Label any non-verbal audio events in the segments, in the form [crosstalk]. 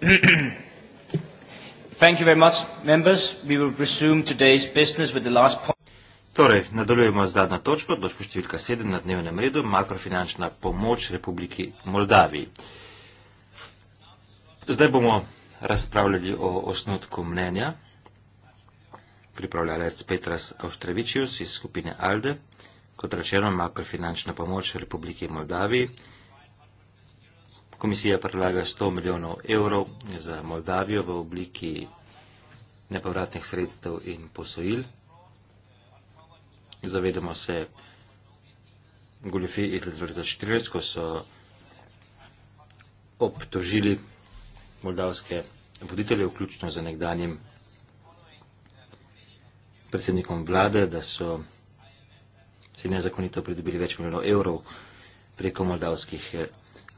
[clears throat] Thank you very much, members. We will resume today's business with the last point. Torej, nadaljujemo z zadnjo točko, točko številka 7 na dnevnem redu, makrofinančna pomoč Republiki Moldaviji. Zdaj bomo razpravljali o osnotku mnenja. Pripravljalec Petras Avštrevičius iz skupine ALDE, kot rečeno makrofinančna pomoč Republiki Moldaviji. Komisija predlaga 100 milijonov evrov za Moldavijo v obliki nepovratnih sredstev in posojil. Zavedamo se Goljofi iz 2014, ko so obtožili moldavske voditelje, vključno za nekdanjem predsednikom vlade, da so si nezakonito pridobili več milijonov evrov preko moldavskih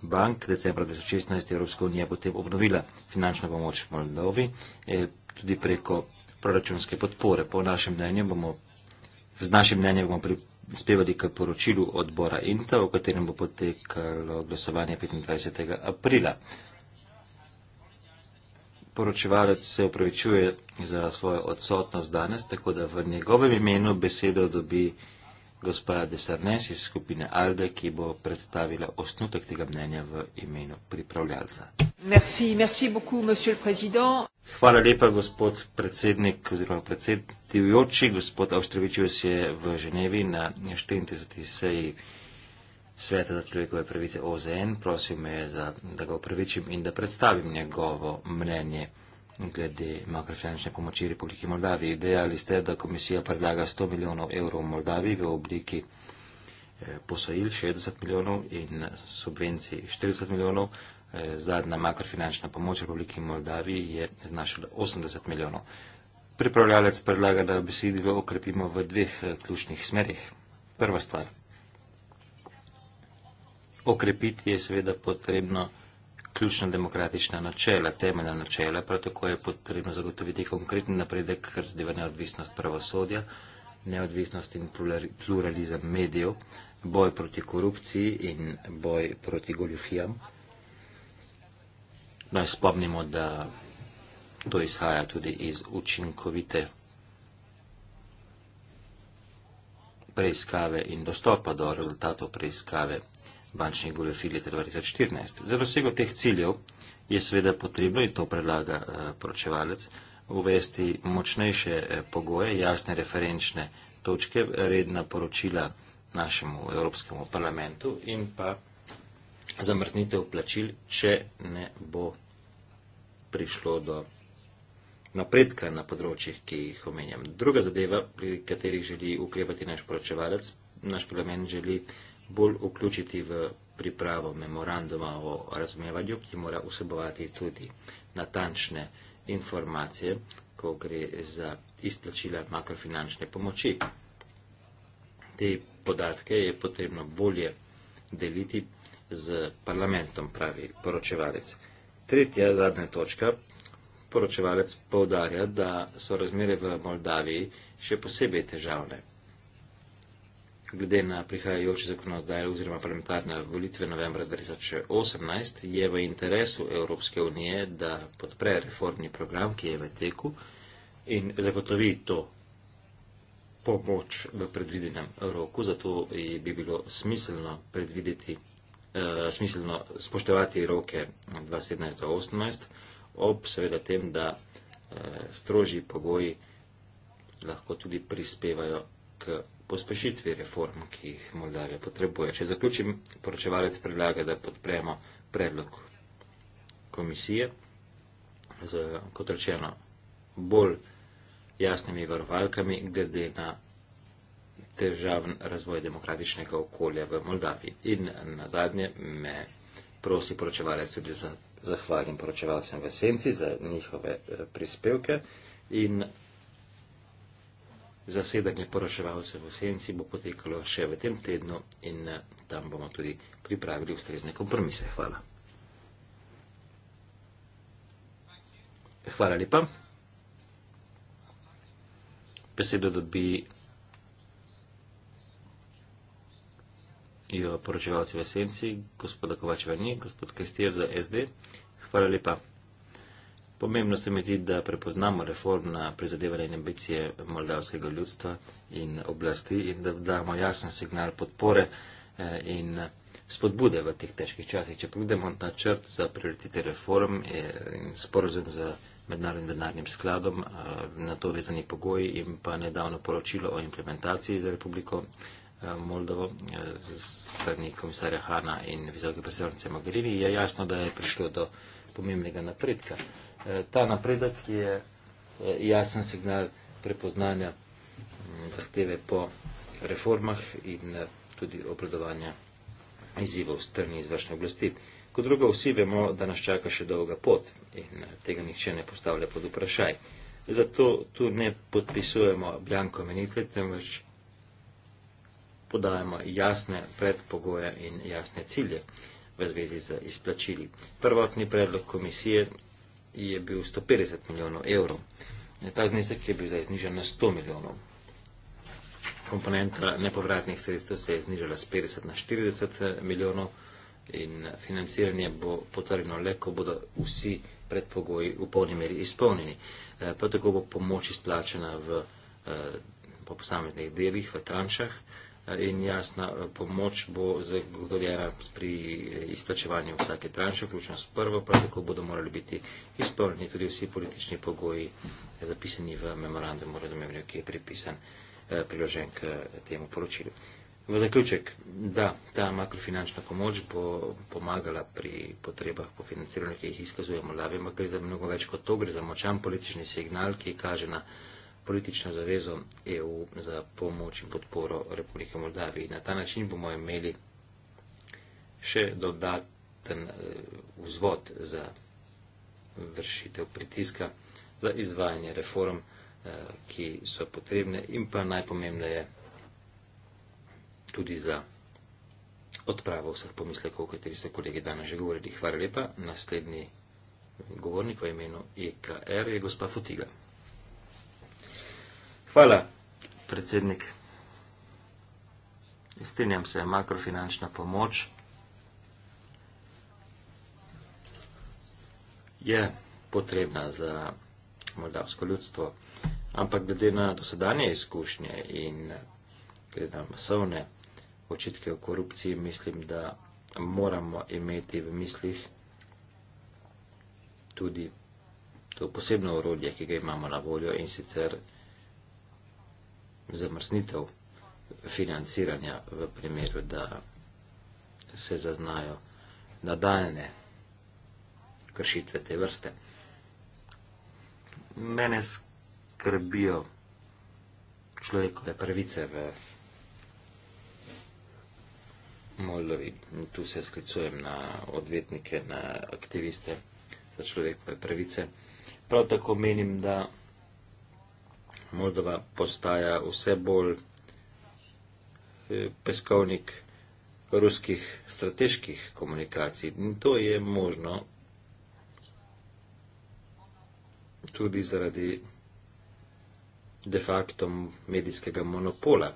bank decembra 2016 Evropska unija potem obnovila finančno pomoč v Moldovi eh, tudi preko proračunske podpore. Po našem mnenju bomo, z našim mnenjem bomo prispevali k poročilu odbora INTA, o katerem bo potekalo glasovanje 25. aprila. Poročevalec se upravičuje za svojo odsotnost danes, tako da v njegovem imenu besedo dobi gospa Desarnes iz skupine Alde, ki bo predstavila osnutek tega mnenja v imenu pripravljalca. Merci, merci beaucoup, monsieur le président. Hvala lepa, gospod predsednik oziroma predsedujoči. Gospod Avštrevičius je v Ženevi na 34. seji Sveta za človekove pravice OZN. Prosil me je, za, da ga upravičim in da predstavim njegovo mnenje glede makro finančne pomoči Republiki Moldaviji. Dejali ste, da komisija predlaga 100 milijonov evrov Moldaviji v obliki eh, posojil 60 milijonov in eh, subvencij 40 milijonov. Eh, zadnja makrofinančna pomoč Republiki Moldaviji je znašala 80 milijonov. Pripravljalec predlaga, da besedilo okrepimo v dveh ključnih smerih. Prva stvar. Okrepiti je seveda potrebno ključna demokratična načela, temeljna načela, prav tako je potrebno zagotoviti konkreten napredek, kar zadeva neodvisnost pravosodja, neodvisnost in pluralizem medijev, boj proti korupciji in boj proti goljufijam. Naj no, spomnimo, da to izhaja tudi iz učinkovite preiskave in dostopa do rezultatov preiskave bančnih goljofij leta 2014. Za dosego teh ciljev je seveda potrebno, in to predlaga eh, poročevalec, uvesti močnejše eh, pogoje, jasne referenčne točke, redna poročila našemu Evropskemu parlamentu in pa zamrznitev plačil, če ne bo prišlo do napredka na področjih, ki jih omenjam. Druga zadeva, pri katerih želi ukrepati naš poročevalec, naš parlament želi bolj vključiti v pripravo memoranduma o razumevanju, ki mora vsebovati tudi natančne informacije, ko gre za izplačila makrofinančne pomoči. Te podatke je potrebno bolje deliti z parlamentom, pravi poročevalec. Tretja zadnja točka. Poročevalec poudarja, da so razmere v Moldaviji še posebej težavne. Glede na prihajajoče zakonodaje oziroma parlamentarne volitve novembra 2018 je v interesu Evropske unije, da podpre reformni program, ki je v teku in zagotovi to pomoč v predvidenem roku, zato bi bilo smiselno predvideti, uh, smiselno spoštovati roke 2017-2018, ob seveda tem, da uh, strožji pogoji lahko tudi prispevajo k pospešitvi reform, ki jih Moldavija potrebuje. Če zaključim, poročevalec predlaga, da podpremo predlog komisije z, kot rečeno, bolj jasnimi varovalkami glede na težaven razvoj demokratičnega okolja v Moldaviji. In na zadnje me prosi poročevalec tudi za zahvalim poročevalcem v Senci za njihove eh, prispevke in zasedanje poroševalcev v Senci bo potekalo še v tem tednu in eh, tam bomo tudi pripravili ustrezne kompromise. Hvala. Hvala lepa. Besedo dobi jo poročevalci v Senci, gospoda Kovačeva ni, gospod Kestijev za SD. Hvala lepa. Pomembno se mi zdi, da prepoznamo reformna prizadevanja in ambicije moldavskega ljudstva in oblasti in da damo jasen signal podpore eh, in spodbude v teh težkih časih. Če pogledamo na črt za prioritete reform eh, in sporozum za mednarodnim denarnim skladom, eh, na to vezani pogoji in pa nedavno poročilo o implementaciji za Republiko Moldovo z strani komisarja Hana in visoke predstavnice Mogherini, je jasno, da je prišlo do pomembnega napredka. Eh, ta napredek je eh, jasen signal prepoznanja mm, zahteve po reformah in eh, tudi opredovanja izzivov strani izvršne oblasti. Kot drugo, vsi vemo, da nas čaka še dolga pot in tega nihče ne postavlja pod vprašaj. Zato tu ne podpisujemo bljanko menice, temveč podajamo jasne predpogoje in jasne cilje v zvezi z izplačili. Prvotni predlog komisije je bil 150 milijonov evrov. Ta znesek je bil zdaj znižen na 100 milijonov. Komponenta nepovratnih sredstev se je znižala z 50 na 40 eh, milijonov in financiranje bo potrjeno le, ko bodo vsi predpogoji v polni meri izpolnjeni. Eh, prav tako bo pomoč izplačena v, eh, po posameznih delih, v tranšah in jasna eh, pomoč bo zagotovljena pri eh, izplačevanju vsake tranše, vključno s prvo, prav tako bodo morali biti izpolnjeni tudi vsi politični pogoji eh, zapisani v memorandumu razumevanja, ki je pripisan, priložen k temu poročilu. V zaključek, da, ta makrofinančna pomoč bo pomagala pri potrebah po financiranju, ki jih izkazujemo lavima, gre za mnogo več kot to, gre za močan politični signal, ki kaže na politično zavezo EU za pomoč in podporo Republike Moldavije. Na ta način bomo imeli še dodaten eh, vzvod za vršitev pritiska za izvajanje reform, eh, ki so potrebne in pa najpomembneje tudi za odpravo vseh pomislekov, o kateri ste kolegi danes že govorili. Hvala lepa. Naslednji govornik v imenu EKR je gospa Fotiga. Hvala, predsednik. Strinjam se, makrofinančna pomoč je potrebna za moldavsko ljudstvo, ampak glede na dosedanje izkušnje in glede na masovne očitke o korupciji, mislim, da moramo imeti v mislih tudi to posebno orodje, ki ga imamo na voljo in sicer zamrznitev financiranja v primeru, da se zaznajo nadaljne kršitve te vrste. Mene skrbijo človekove pravice v Moldovi. Tu se sklicujem na odvetnike, na aktiviste za človekove pravice. Prav tako menim, da Moldova postaja vse bolj eh, peskovnik ruskih strateških komunikacij. In to je možno tudi zaradi de facto medijskega monopola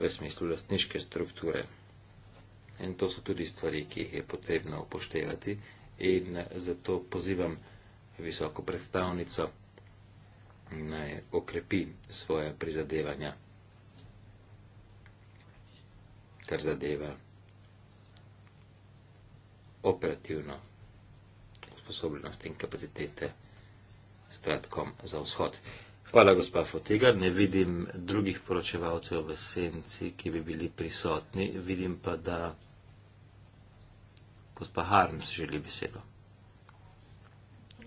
v smislu lastniške strukture. In to so tudi stvari, ki jih je potrebno upoštevati. In zato pozivam visoko predstavnico naj okrepi svoje prizadevanja, kar zadeva operativno sposobnost in kapacitete stratkom za vzhod. Hvala, gospa Fotiga. Ne vidim drugih poročevalcev v senci, ki bi bili prisotni. Vidim pa, da gospa Harms želi besedo.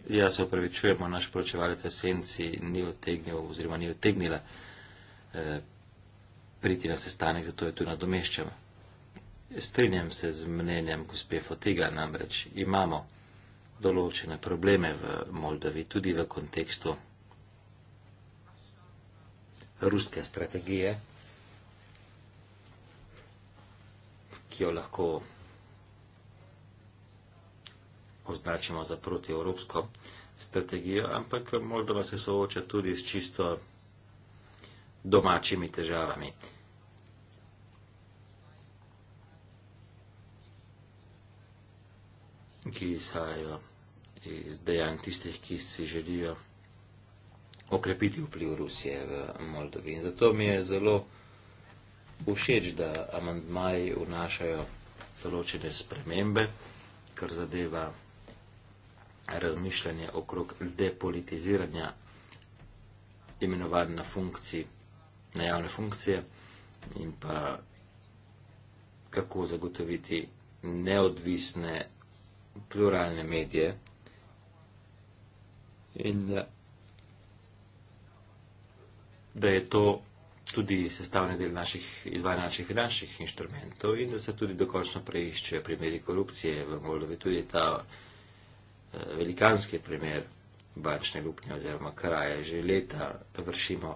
Ja, se upravičujemo, naš poročevalec Senci ni otegnil oziroma ni otegnila eh, priti na sestanek, zato je tu nadomeščamo. Strinjam se z mnenjem gospe Fotiga, namreč imamo določene probleme v Moldavi, tudi v kontekstu ruske strategije, ki jo lahko označimo za protievropsko strategijo, ampak Moldova se sooča tudi s čisto domačimi težavami. ki izhajajo iz dejanj tistih, ki si želijo okrepiti vpliv Rusije v Moldovi. In zato mi je zelo všeč, da amandmaji vnašajo določene spremembe, kar zadeva razmišljanje okrog depolitiziranja imenovanj na funkciji, na javne funkcije in pa kako zagotoviti neodvisne pluralne medije in eh, da je to tudi sestavni del naših, izvajanja naših finančnih inštrumentov in da se tudi dokončno preišče primeri korupcije v Moldovi, tudi ta korupcija Eh, velikanski primer bančne luknje oziroma kraje. Že leta vršimo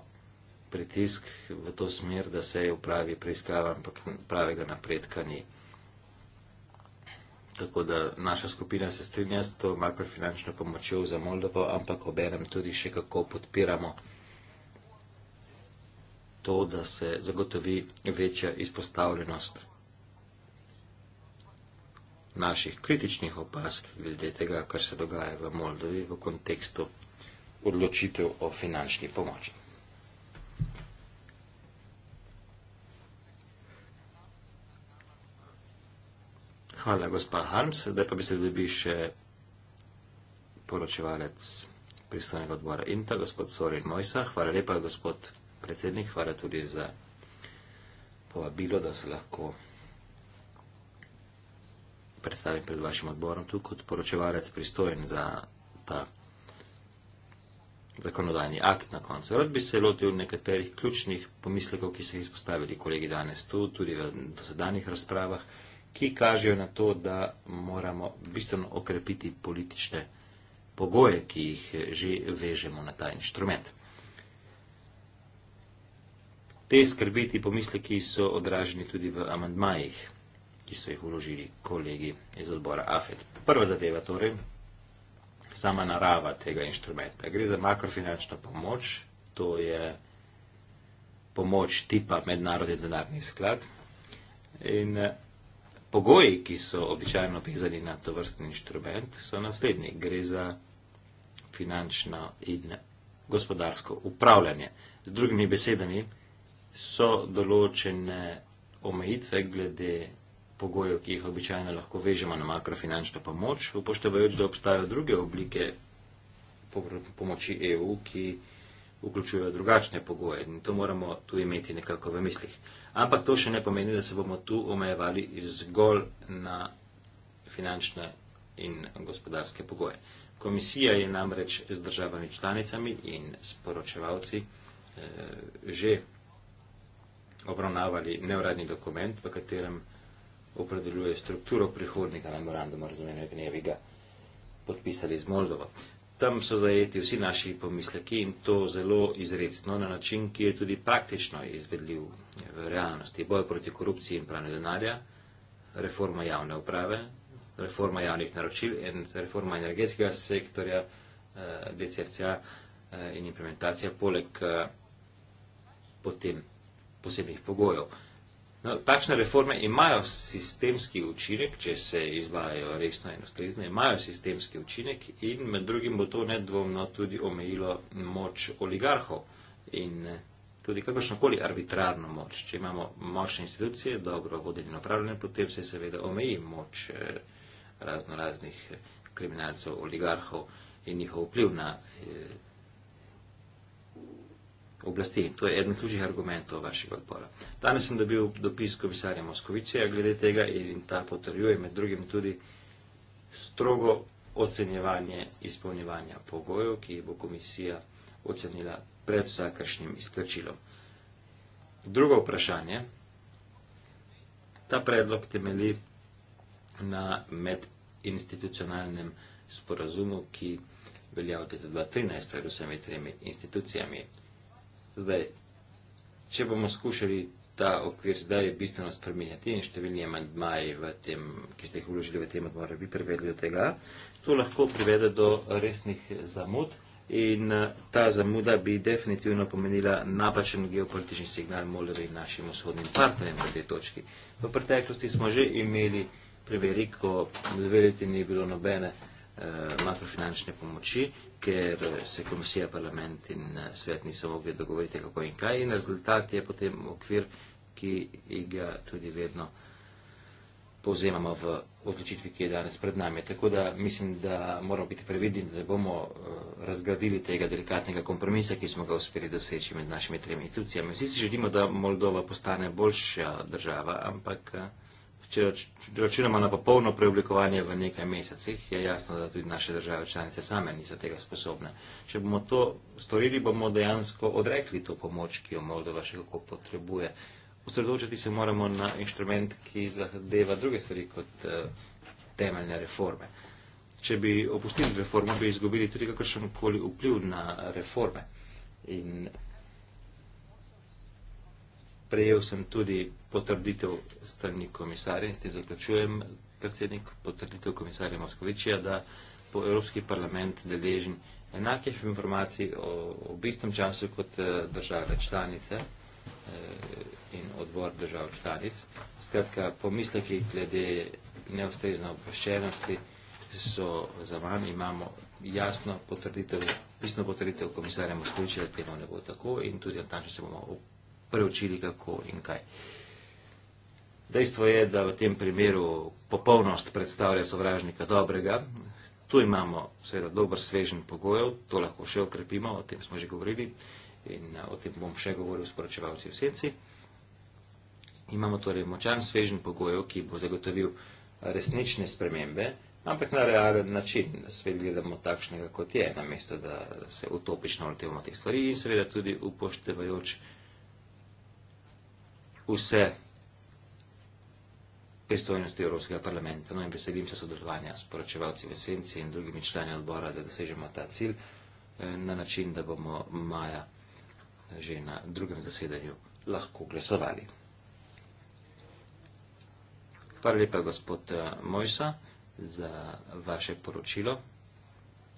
pritisk v to smer, da se je upravi preiskava, ampak pravega napredka ni. Tako da naša skupina se strinja s to makrofinančno pomočjo za Moldovo, ampak obenem tudi še kako podpiramo to, da se zagotovi večja izpostavljenost naših kritičnih opask glede tega, kar se dogaja v Moldovi v kontekstu odločitev o finančni pomoči. Hvala, gospa Harms. Zdaj pa bi se dobi še poročevalec pristojnega odbora INTA, gospod Sorin Mojsa. Hvala lepa, gospod predsednik. Hvala tudi za povabilo, da se lahko predstavim pred vašim odborom tu kot poročevalec pristojen za ta zakonodajni akt na koncu. Rad bi se lotil nekaterih ključnih pomislekov, ki so jih izpostavili kolegi danes tu, tudi v dosedanjih razpravah, ki kažejo na to, da moramo bistveno okrepiti politične pogoje, ki jih že vežemo na ta inštrument. Te skrbiti pomisleki so odraženi tudi v amandmajih ki so jih uložili kolegi iz odbora AFED. Prva zadeva torej, sama narava tega inštrumenta. Gre za makrofinančno pomoč, to je pomoč tipa mednarodni denarni sklad in eh, pogoji, ki so običajno vezani na to vrstni inštrument, so naslednji. Gre za finančno in gospodarsko upravljanje. Z drugimi besedami so določene omejitve glede pogojev, ki jih običajno lahko vežemo na makrofinančno pomoč, upoštevajoč, da obstajajo druge oblike pomoči EU, ki vključujejo drugačne pogoje. In to moramo tu imeti nekako v mislih. Ampak to še ne pomeni, da se bomo tu omejevali zgolj na finančne in gospodarske pogoje. Komisija je namreč z državami članicami in sporočevalci eh, že obravnavali neuradni dokument, v katerem opredeljuje strukturo prihodnega memoranduma razumenega gnevega, podpisali z Moldovo. Tam so zajeti vsi naši pomisleki in to zelo izredno na način, ki je tudi praktično izvedljiv v realnosti. Boj proti korupciji in pranju denarja, reforma javne uprave, reforma javnih naročil in reforma energetskega sektorja eh, DCFCA eh, in implementacija poleg eh, potem posebnih pogojev. No, takšne reforme imajo sistemski učinek, če se izvajajo resno in ustrezno, imajo sistemski učinek in med drugim bo to nedvomno tudi omejilo moč oligarhov in eh, tudi kakršnokoli arbitrarno moč. Če imamo močne institucije, dobro vodene in upravljene, potem se seveda omeji moč eh, razno raznih eh, kriminalcev, oligarhov in njihov vpliv na. Eh, oblasti. In to je eden ključnih argumentov vašega odpora. Danes sem dobil dopis komisarja Moskovicija glede tega in ta potrjuje med drugim tudi strogo ocenjevanje izpolnjevanja pogojev, ki jih bo komisija ocenila pred vsakršnim izplačilom. Drugo vprašanje. Ta predlog temeli na medinstitucionalnem sporazumu, ki velja od leta 2013 med vsemi tremi institucijami Zdaj, če bomo skušali ta okvir zdaj bistveno spremenjati in številni amandmaji, ki ste jih vložili v tem odmor, bi privedli do tega, to lahko privede do resnih zamud in eh, ta zamuda bi definitivno pomenila napačen geopolitični signal Moldovi in našim vzhodnim partnerjem na tej točki. V preteklosti smo že imeli primeri, ko veliti ni bilo nobene. Eh, makrofinančne pomoči, ker se komisija, parlament in eh, svet niso mogli dogovoriti, kako in kaj. In rezultat je potem okvir, ki ga tudi vedno povzemamo v odločitvi, ki je danes pred nami. Tako da mislim, da moramo biti previdni, da ne bomo eh, razgradili tega delikatnega kompromisa, ki smo ga uspeli doseči med našimi tremi institucijami. Vsi si želimo, da Moldova postane boljša država, ampak če računamo na popolno preoblikovanje v nekaj mesecih, je jasno, da tudi naše države članice same niso tega sposobne. Če bomo to storili, bomo dejansko odrekli to pomoč, ki jo Moldova še kako potrebuje. Ustredočiti se moramo na inštrument, ki zahdeva druge stvari kot eh, temeljne reforme. Če bi opustili reformo, bi izgubili tudi kakršen koli vpliv na eh, reforme. In prejel sem tudi potrditev strani komisarja in s tem zaključujem, predsednik, potrditev komisarja Moskovičija, da bo Evropski parlament deležen enakih informacij o, o istem času kot eh, države članice eh, in odbor držav članic. Skratka, pomisleki glede neustrezne oproščenosti so za van, imamo jasno potrditev, pisno potrditev komisarja Moskovičja, da temu ne bo tako in tudi od tam, če se bomo preučili, kako in kaj. Dejstvo je, da v tem primeru popolnost predstavlja sovražnika dobrega. Tu imamo seveda dober svežen pogojev, to lahko še okrepimo, o tem smo že govorili in eh, o tem bom še govoril s poročevalci v senci. Imamo torej močan svežen pogojev, ki bo zagotovil resnične spremembe, ampak na realen način, da svet gledamo takšnega, kot je, namesto da se utopično lotevamo teh stvari in seveda tudi upoštevajoč vse pristojnosti Evropskega parlamenta. No in veselim se sodelovanja s poročevalci v esenci in drugimi člani odbora, da dosežemo ta cilj eh, na način, da bomo maja eh, že na drugem zasedanju lahko glasovali. Hvala lepa, gospod eh, Mojsa, za vaše poročilo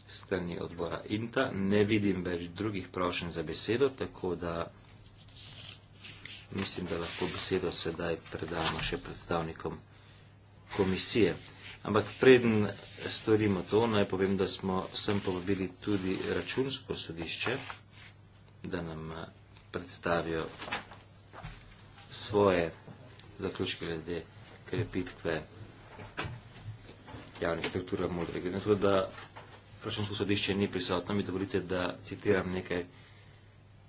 strani odbora INTA. Ne vidim več drugih prošenj za besedo, tako da mislim, da lahko besedo sedaj predamo še predstavnikom komisije. Ampak preden storimo to, naj povem, da smo sem povabili tudi računsko sodišče, da nam eh, predstavijo svoje zaključke glede krepitve javnih struktur modrega. Zato, da računsko sodišče ni prisotno, mi dovolite, da citiram nekaj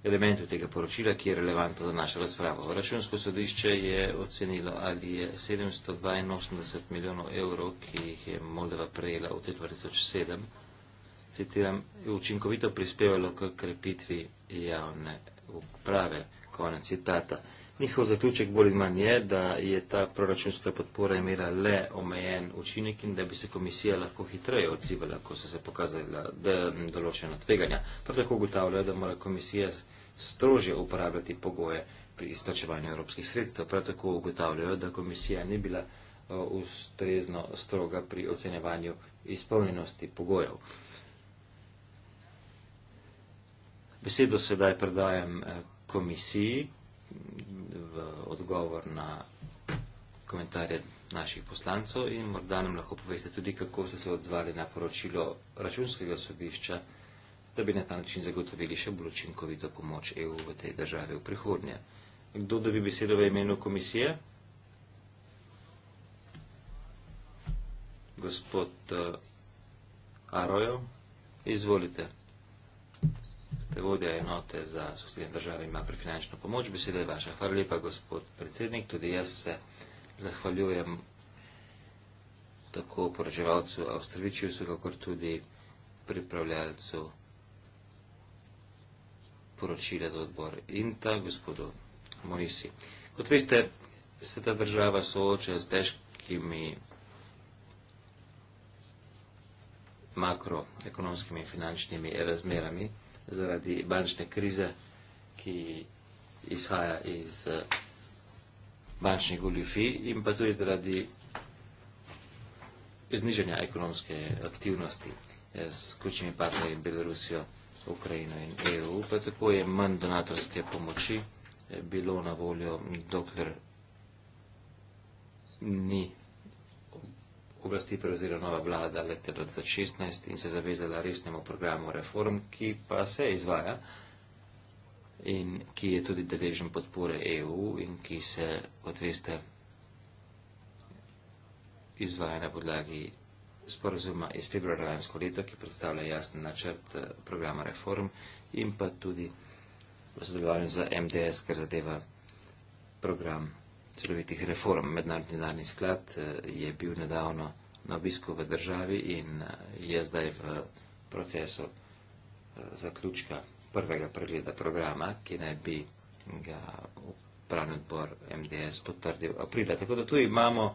elementu tega poročila, ki je relevantno za našo razpravo. Računsko sodišče je ocenilo, ali je 782 milijonov evrov, ki jih je Moldova prejela v 2007, citiram, učinkovito prispevalo k krepitvi javne uprave. Konec citata. Njihov zaključek bolj in manj je, da je ta proračunska podpora imela le omejen učinek in da bi se komisija lahko hitreje odzivala, ko so se pokazala določena tveganja. Prav tako ugotavljajo, da mora komisija strožje uporabljati pogoje pri izplačevanju evropskih sredstev. Prav tako ugotavljajo, da komisija ni bila eh, ustrezno stroga pri ocenjevanju izpolnjenosti pogojev. Besedo sedaj predajam eh, komisiji v odgovor na komentarje naših poslancov in morda nam lahko poveste tudi, kako ste se odzvali na poročilo računskega sodišča da bi na ta način zagotovili še bolj učinkovito pomoč EU v tej državi v prihodnje. Kdo dobi besedo v imenu komisije? Gospod eh, Arojo, izvolite. Ste vodja enote za sosednje države in ima pri finančno pomoč. Beseda je vaša. Hvala lepa, gospod predsednik. Tudi jaz se zahvaljujem tako poraževalcu Avstrovičju, kakor tudi pripravljalcu Avstrovičju poročile za odbor. In ta gospodo Mojsi. Kot veste, se ta država sooča s težkimi makroekonomskimi in finančnimi razmerami zaradi bančne krize, ki izhaja iz eh, bančnih goljufij in pa tudi zaradi znižanja ekonomske aktivnosti eh, s ključnimi partnerji Belorusijo Ukrajino in EU, pa tako je manj donatorske pomoči bilo na voljo, dokler ni oblasti prevzela nova vlada leta 2016 in se zavezala resnemu programu reform, ki pa se izvaja in ki je tudi deležen podpore EU in ki se, kot veste, izvaja na podlagi sporozuma iz februara lansko leto, ki predstavlja jasen načrt eh, programa reform in pa tudi v sodelovanju za MDS, kar zadeva program celovitih reform. Mednarodni danni sklad eh, je bil nedavno na obisku v državi in eh, je zdaj v procesu zaključka prvega pregleda programa, ki naj bi ga upravni odbor MDS potrdil aprila. Tako da tu imamo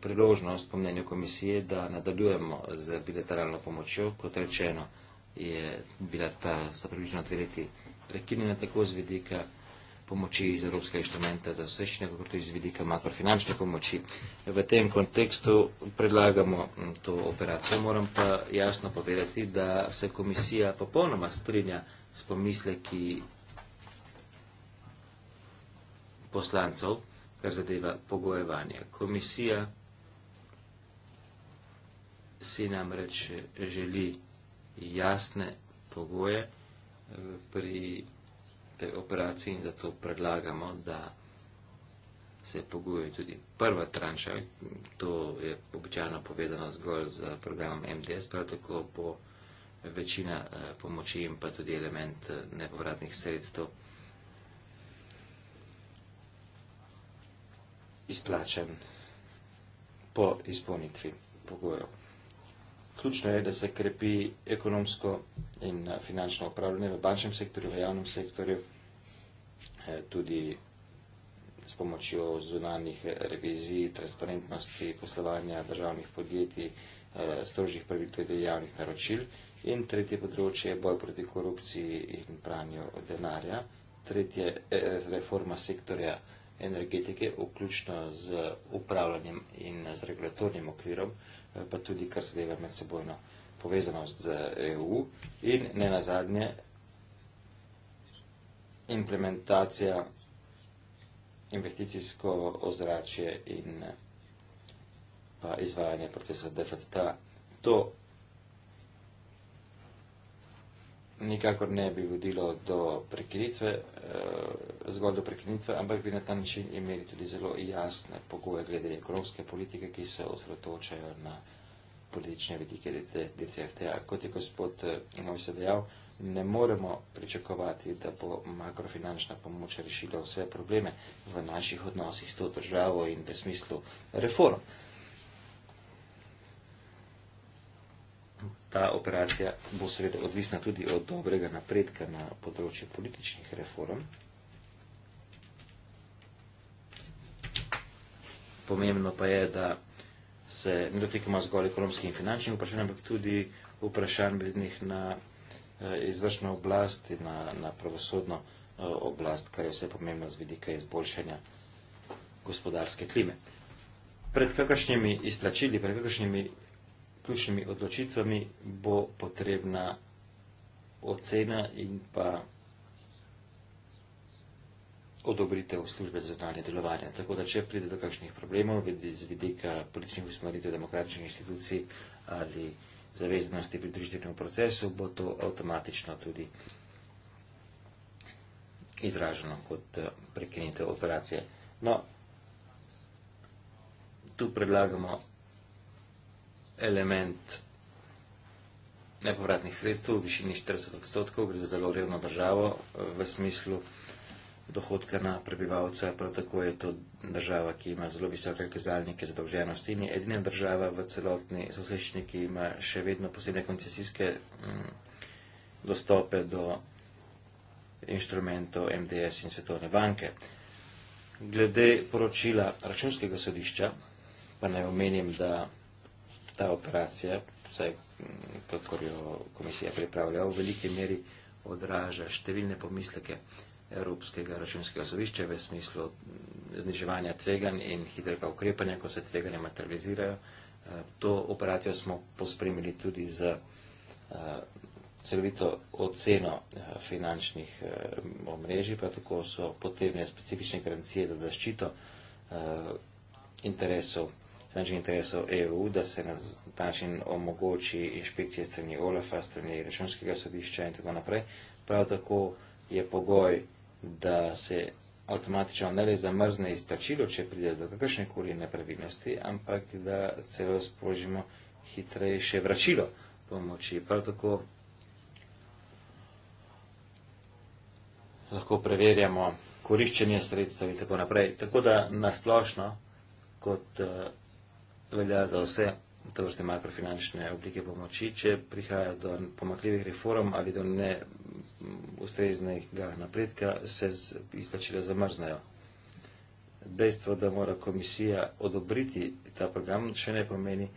priložnost po mnenju komisije, da nadaljujemo z bilateralno pomočjo. Kot rečeno, je bila ta za približno tri leti prekinjena tako z vidika pomoči iz Evropskega inštrumenta za sveščine, kot tudi z vidika makrofinančne pomoči. V tem kontekstu predlagamo to operacijo. Moram pa jasno povedati, da se komisija popolnoma strinja s pomisleki poslancov, kar zadeva pogojevanje. Komisija si namreč želi jasne pogoje eh, pri tej operaciji in zato predlagamo, da se pogoje tudi prva tranša, to je običajno povedano zgolj z programom MDS, prav tako bo večina eh, pomoči in pa tudi element eh, nepovratnih sredstv vsega. izplačen po izpolnitvi pogojev. Ključno je, da se krepi ekonomsko in eh, finančno upravljanje v bančnem sektorju, v javnem sektorju, eh, tudi s pomočjo zunanjih eh, revizij, transparentnosti poslovanja državnih podjetij, strožjih pravil tudi javnih naročil. In tretje področje je boj proti korupciji in pranju denarja. Tretje je reforma sektorja energetike, vključno z upravljanjem in z regulatornim okvirom, eh, pa tudi kar zadeva medsebojno povezanost z EU in ne nazadnje implementacija investicijsko ozračje in pa izvajanje procesa DFCT. To nikakor ne bi vodilo do prekinitve, eh, zgolj do prekinitve, ampak bi na ta način imeli tudi zelo jasne pogoje glede ekonomske politike, ki se osredotočajo na politične vidike DCFTA. Kot je gospod eh, Mojse dejal, ne moremo pričakovati, da bo makrofinančna pomoč rešila vse probleme v naših odnosih s to državo in v smislu reform. ta operacija bo seveda odvisna tudi od dobrega napredka na področju političnih reform. Pomembno pa je, da se ne dotikamo zgolj ekonomskih in finančnih vprašanj, ampak tudi vprašanj vidnih na eh, izvršno oblast in na, na pravosodno eh, oblast, kar je vse pomembno z vidika izboljšanja gospodarske klime. Pred kakršnimi izplačili, pred kakršnimi ključnimi odločitvami bo potrebna ocena in pa odobritev službe zunanje delovanja. Tako da, če pride do kakšnih problemov z vidika političnih usmeritev demokratičnih institucij ali zavezanosti pri družitevnem procesu, bo to avtomatično tudi izraženo kot eh, prekinitev operacije. No, tu predlagamo element nepovratnih sredstev v višini 40 odstotkov, gre za zelo revno državo eh, v smislu dohodka na prebivalca, prav tako je to država, ki ima zelo visoke kazalnike zadolženosti in je edina država v celotni sosedščini, ki ima še vedno posebne koncesijske m, mm, dostope do inštrumentov MDS in Svetovne banke. Glede poročila računskega sodišča, pa naj omenim, da ta operacija, vsaj mm, kakor jo komisija pripravlja, v veliki meri odraža številne pomisleke Evropskega računskega sodišča v smislu mm, zniževanja tveganj in hitrega ukrepanja, ko se tveganja materializirajo. Eh, to operacijo smo pospremili tudi z eh, celovito oceno eh, finančnih omrežij, pa tako so potrebne specifične garancije za zaščito interesov znači interesov EU, da se na način omogoči inšpekcije strani OLEF-a, strani računskega sodišča in tako naprej. Prav tako je pogoj, da se avtomatično ne le zamrzne izplačilo, če pride do kakršne koli nepravilnosti, ampak da celo sprožimo hitrejše vračilo pomoči. Prav tako lahko preverjamo koriščenje sredstev in tako naprej. Tako da nasplošno kot uh, velja za vse te vrste makrofinančne oblike pomoči, če prihaja do pomakljivih reform ali do ne ustreznega napredka, se izplačila zamrznajo. Dejstvo, da mora komisija odobriti ta program, še ne pomeni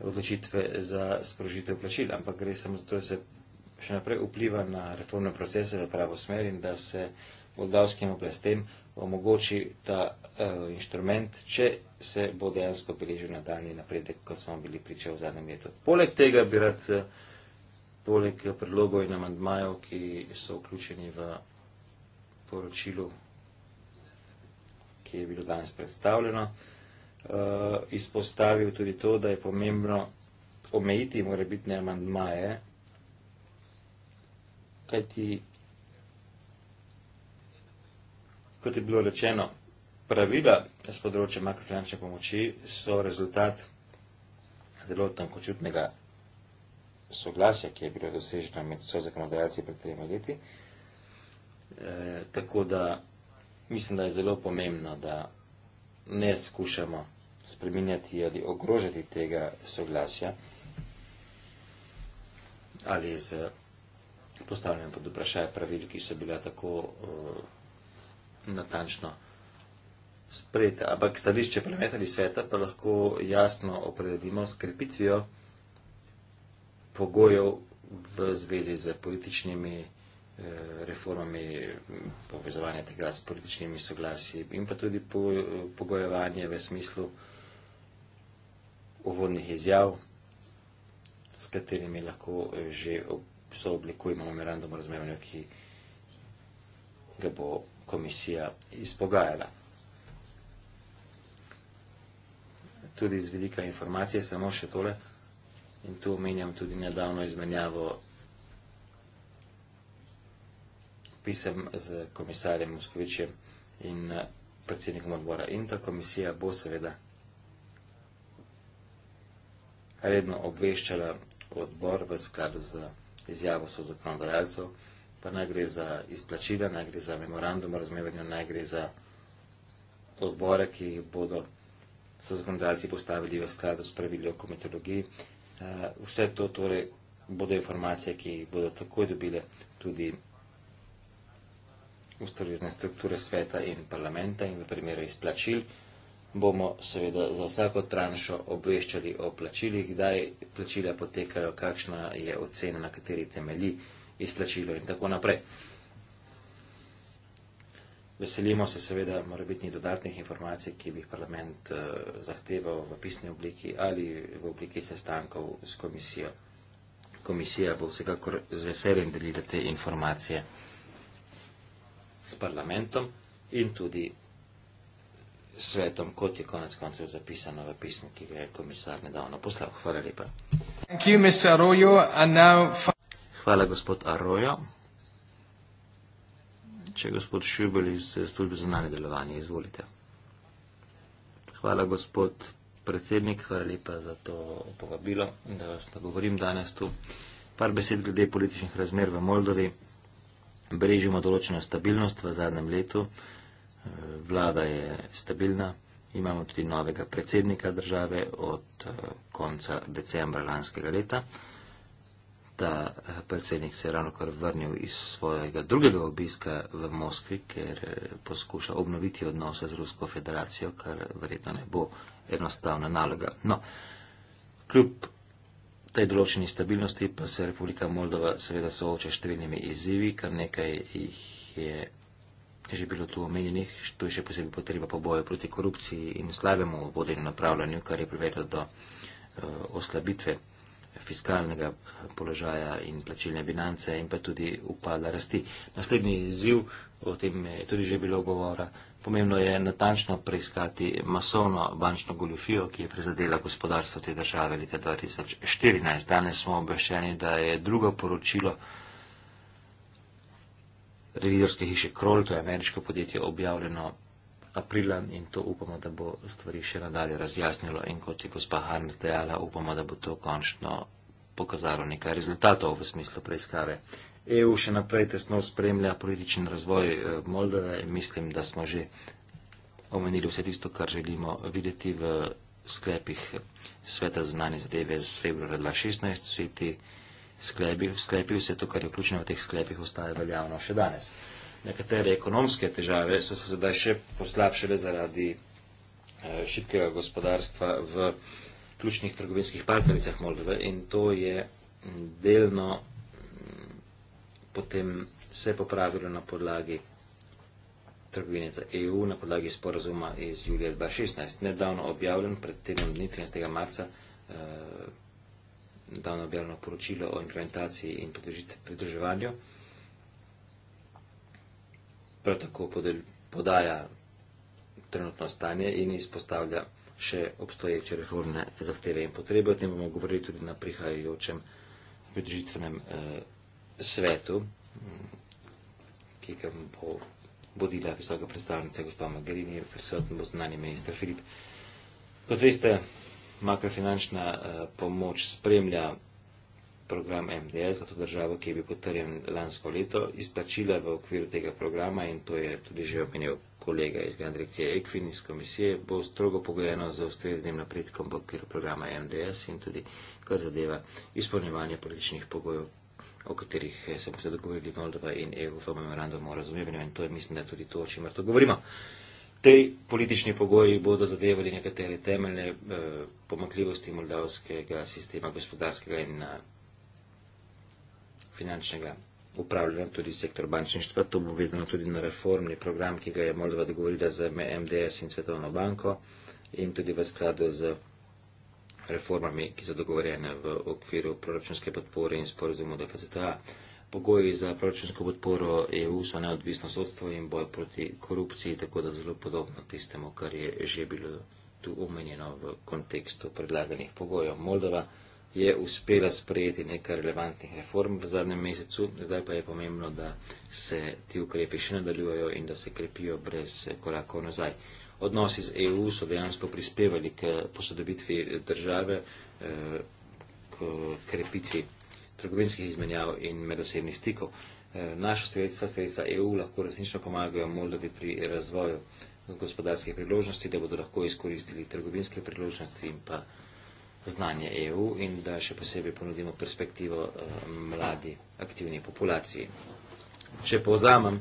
odločitve za sprožitev plačil, ampak gre samo za to, da se še naprej vpliva na reformne procese v pravo smer in da se moldavskim oblastem omogoči ta uh, inštrument, če se bo dejansko beležil nadaljni napredek, kot smo bili priča v zadnjem letu. Poleg tega bi rad, eh, poleg predlogov in amandmajev, ki so vključeni v poročilu, ki je bilo danes predstavljeno, uh, izpostavil tudi to, da je pomembno omejiti morebitne amandmaje, kajti Kot je bilo rečeno, pravila z področja makrofinančne pomoči so rezultat zelo tankočutnega soglasja, ki je bilo doseženo med so zakonodajalci pred tremi leti. E, tako da mislim, da je zelo pomembno, da ne skušamo spreminjati ali ogrožati tega soglasja ali z postavljanjem pod vprašanje pravil, ki so bila tako. E, natančno sprejeta. Ampak stališče premeta ali sveta pa lahko jasno opredelimo s krepitvijo pogojev v zvezi z političnimi eh, reformami, povezovanje tega s političnimi soglasji in pa tudi pogojevanje v smislu uvodnih izjav, s katerimi lahko eh, že so oblikujemo memorandum razumevanja, ki ga bo komisija izpogajala. Tudi iz velika informacije samo še tole in tu omenjam tudi nedavno izmenjavo pisem z komisarjem Moskovičem in eh, predsednikom odbora. In ta komisija bo seveda redno obveščala odbor v skladu z izjavo so zakonodajalcev, pa naj gre za izplačila, naj gre za memorandum o razumevanju, naj gre za odbore, ki bodo so zakonodajci postavili v skladu s pravili o komitologiji. Eh, vse to torej bodo informacije, ki bodo takoj dobile tudi ustrezne strukture sveta in parlamenta in v primeru izplačil bomo seveda za vsako tranšo obveščali o plačilih, kdaj plačila potekajo, kakšna je ocena, na kateri temelji izplačilo in tako naprej. Veselimo se seveda morebitnih dodatnih informacij, ki bi jih parlament eh, zahteval v pisni obliki ali v obliki sestankov s komisijo. Komisija bo vsekakor z veseljem delila te informacije s parlamentom in tudi svetom, kot je konec koncev zapisano v pismu, ki ga je komisar nedavno poslal. Hvala lepa. Hvala, gospod Arroja. Če gospod Šubel iz eh, službe za nane delovanje, izvolite. Hvala, gospod predsednik, hvala lepa za to povabilo, da vas nagovorim danes tu. Par besed glede političnih razmer v Moldovi. Brežimo določeno stabilnost v zadnjem letu. Eh, vlada je stabilna. Imamo tudi novega predsednika države od eh, konca decembra lanskega leta da eh, predsednik se je ravno kar vrnil iz svojega drugega obiska v Moskvi, ker eh, poskuša obnoviti odnose z Rusko federacijo, kar verjetno ne bo enostavna naloga. No, kljub tej določeni stabilnosti pa se Republika Moldova seveda sooča s številnimi izzivi, kar nekaj jih je že bilo tu omenjenih, tu je še posebej potreba po boju proti korupciji in slabemu vodenju napravljanju, kar je privedlo do uh, oslabitve fiskalnega položaja in plačilne finance in pa tudi upada rasti. Naslednji izziv, o tem je tudi že bilo govora, pomembno je natančno preiskati masovno bančno goljufijo, ki je prizadela gospodarstvo te države leta 2014. Danes smo obveščeni, da je drugo poročilo revizorske hiše Kroll, to je ameriško podjetje, objavljeno aprila in to upamo, da bo stvari še nadalje razjasnilo in kot je gospa Harms dejala, upamo, da bo to končno pokazalo nekaj rezultatov v smislu preiskave. EU še naprej tesno spremlja političen razvoj eh, Moldove in mislim, da smo že omenili vse tisto, kar želimo videti v sklepih Sveta zunanje zadeve z februarja 2016. Vsi ti sklepi, vse to, kar je vključeno v teh sklepih, ostaje veljavno še danes nekatere ekonomske težave so se zdaj še poslabšale zaradi eh, šibkega gospodarstva v ključnih trgovinskih partnericah Moldove in to je delno mm, potem se popravilo na podlagi trgovine za EU, na podlagi sporazuma iz julija 2016, nedavno objavljen pred tednom dni 13. marca, eh, davno objavljeno poročilo o implementaciji in pridruževanju. Podruž prav tako podel, podaja trenutno stanje in izpostavlja še obstoječe reformne zahteve in potrebe. O tem bomo govorili tudi na prihajajočem pridružitvenem eh, svetu, ki ga bo vodila visoka predstavnica gospa Magarini, prisotno bo znani minister Filip. Kot veste, makrofinančna eh, pomoč spremlja program MDS za to državo, ki je bil potrjen lansko leto, izplačila v okviru tega programa in to je tudi že omenil kolega iz Gran direkcije ECFIN iz komisije, bo strogo pogojeno z ustreznim napredkom v okviru programa MDS in tudi kar zadeva izpolnjevanje političnih pogojev, o katerih eh, se boste dogovorili Moldova in EU v memorandumu o razumevanju in to je mislim, da tudi to, o čemer to govorimo. Te politični pogoji bodo zadevali nekatere temeljne eh, pomakljivosti moldavskega sistema gospodarskega in finančnega upravljanja, tudi sektor bančništva. To bo vezano tudi na reformni program, ki ga je Moldova dogovorila z MDS in Svetovno banko in tudi v skladu z reformami, ki so dogovorjene v okviru proračunske podpore in sporozumu DFZTA. Pogoji za proračunsko podporo EU so neodvisno sodstvo in boj proti korupciji, tako da zelo podobno tistemu, kar je že bilo tu omenjeno v kontekstu predlaganih pogojev. Moldova je uspela sprejeti nekaj relevantnih reform v zadnjem mesecu, zdaj pa je pomembno, da se ti ukrepi še nadaljujejo in da se krepijo brez korakov nazaj. Odnosi z EU so dejansko prispevali k posodobitvi države, eh, k krepitvi trgovinskih izmenjav in medosebnih stikov. Eh, naša sredstva, sredstva EU, lahko resnično pomagajo Moldovi pri razvoju gospodarskih priložnosti, da bodo lahko izkoristili trgovinske priložnosti in pa znanje EU in da še posebej ponudimo perspektivo eh, mladi aktivni populaciji. Če povzamem,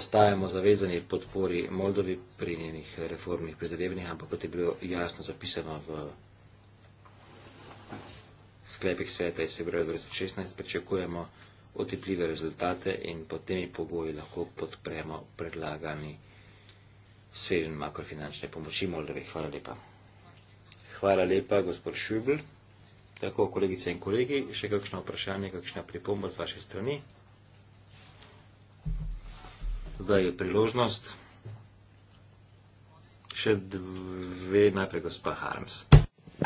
ostajamo zavezani podpori Moldovi pri njenih reformnih prizadevnih, ampak kot je bilo jasno zapisano v sklepih sveta iz februarja 2016, pričakujemo otepljive rezultate in pod temi pogoji lahko podpremo predlagani sveženj makrofinančne pomoči Moldovi. Hvala lepa. Hvala lepa, gospod Šubl. Tako, kolegice in kolegi, še kakšno vprašanje, kakšna pripomba z vaše strani? Zdaj je priložnost. Še dve, najprej gospa Harms.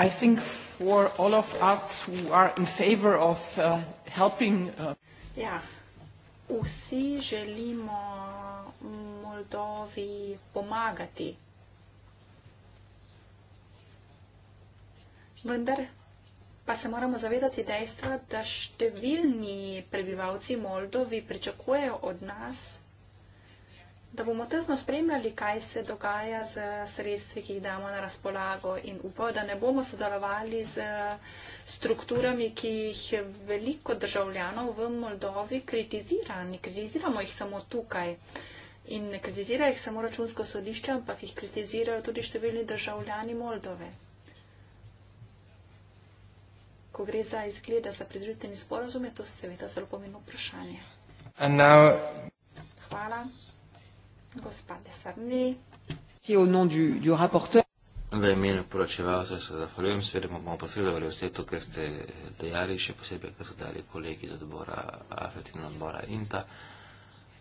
I think for all of us who are in favor of uh, helping. Uh... Ja, vsi želimo Moldovi pomagati. Vendar pa se moramo zavedati dejstva, da številni prebivalci Moldovi pričakujejo od nas, da bomo tesno spremljali, kaj se dogaja z sredstvi, ki jih damo na razpolago in upajo, da ne bomo sodelovali z strukturami, ki jih veliko državljanov v Moldovi kritizira. Ne kritiziramo jih samo tukaj in ne kritizira jih samo računsko sodišče, ampak jih kritizirajo tudi številni državljani Moldove ko gre za izglede za predvidene sporozume, to se seveda zelo pomeni vprašanje. Now... Hvala, gospod Desarni. V imenu poročevalca se zahvaljujem, seveda bomo posredovali vse to, kar ste dejali, še posebej, kar so dali kolegi iz odbora Afetin odbora INTA.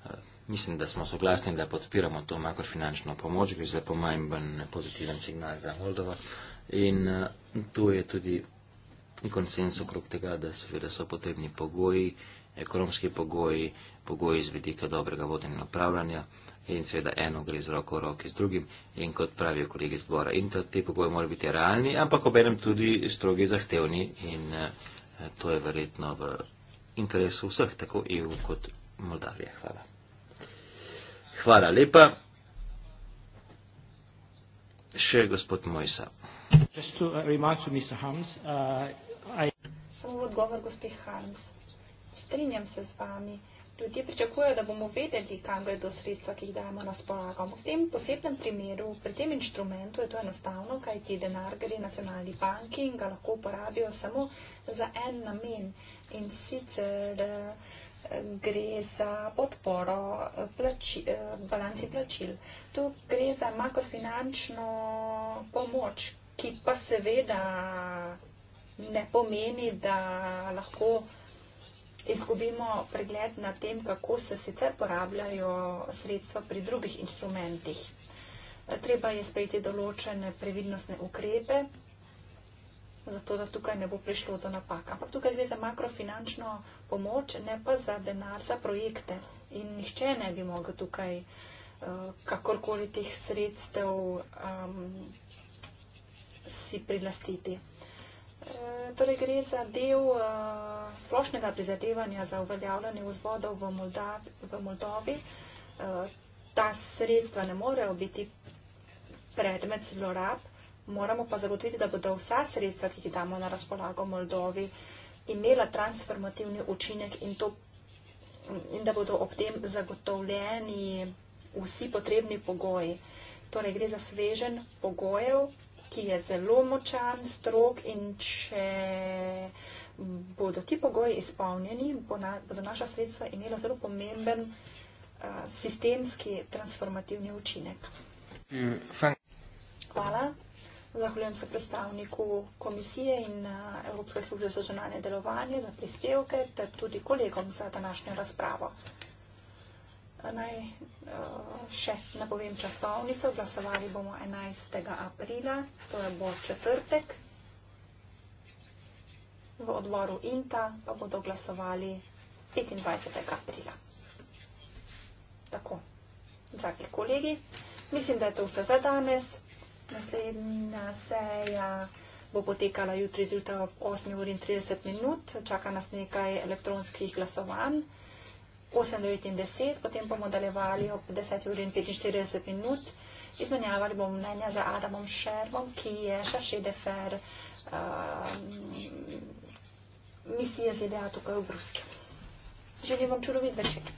Eh, mislim, da smo soglasni, da podpiramo to makrofinančno pomoč, ki je za pomemben pozitiven signal za Moldova. In eh, tu je tudi in konsens okrog tega, da seveda so potrebni pogoji, ekonomski pogoji, pogoji iz vidika dobrega vodenja in upravljanja in seveda eno gre z roko v roki z drugim in kot pravijo kolegi zbora. In ti pogoji morajo biti realni, ampak obenem tudi strogi zahtevni in eh, to je verjetno v interesu vseh, tako EU kot Moldavije. Hvala. Hvala lepa. Še gospod Mojsa. Just two remarks to Mr. Hams. Uh, v odgovor gospe Harms. Strinjam se z vami. Ljudje pričakujejo, da bomo vedeli, kam gredo sredstva, ki jih dajemo na spolago. V tem posebnem primeru, pri tem inštrumentu je to enostavno, kaj ti denar gre nacionalni banki in ga lahko uporabijo samo za en namen in sicer eh, gre za podporo eh, plači, eh, balanci plačil. Tu gre za makrofinančno pomoč, ki pa seveda ne pomeni, da lahko izgubimo pregled na tem, kako se sicer porabljajo sredstva pri drugih instrumentih. Treba je sprejeti določene previdnostne ukrepe, zato da tukaj ne bo prišlo do napaka. Ampak tukaj gre za makrofinančno pomoč, ne pa za denar, za projekte. In nihče ne bi mogel tukaj eh, kakorkoli teh sredstev um, si prilastiti. Torej gre za del eh, splošnega prizadevanja za uveljavljanje vzvodov v, Moldav, v Moldovi. Eh, ta sredstva ne morejo biti predmet zlorab, moramo pa zagotoviti, da bodo vsa sredstva, ki ti damo na razpolago Moldovi, imela transformativni učinek in, to, in da bodo ob tem zagotovljeni vsi potrebni pogoji. Torej gre za svežen pogojev, ki je zelo močan, strok in če bodo ti pogoji izpolnjeni, bo na, bodo naša sredstva imela zelo pomemben uh, sistemski transformativni učinek. Hvala. Zahvaljujem se predstavniku komisije in Evropske službe za zunanje delovanje za prispevke ter tudi kolegom za današnjo razpravo. Naj eh, še napovem časovnico. Glasovali bomo 11. aprila, to je bo četrtek. V odboru INTA pa bodo glasovali 25. aprila. Tako, dragi kolegi, mislim, da je to vse za danes. Naslednja seja bo potekala jutri zjutraj ob 8.30 minut. Čaka nas nekaj elektronskih glasovanj. 8, 9 in 10, potem bomo nadaljevali ob 10 uri in 45 minut. Izmenjavali bomo mnenja z Adamom Šervom, ki je šaši de fer uh, ehm, misije ZDA tukaj v Bruslju. Želim vam čudovit večer.